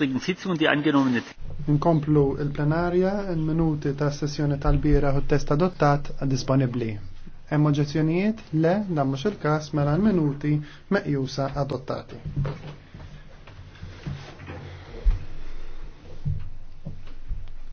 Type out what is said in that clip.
gestrigen Sitzung die angenommene. Nkomplu il-plenarja, il-minuti ta' sessjoni tal-bira u test adottat disponibli. Hemm oġġezzjonijiet? Le, dan mhux il-każ mela l-minuti meqjusa adottati.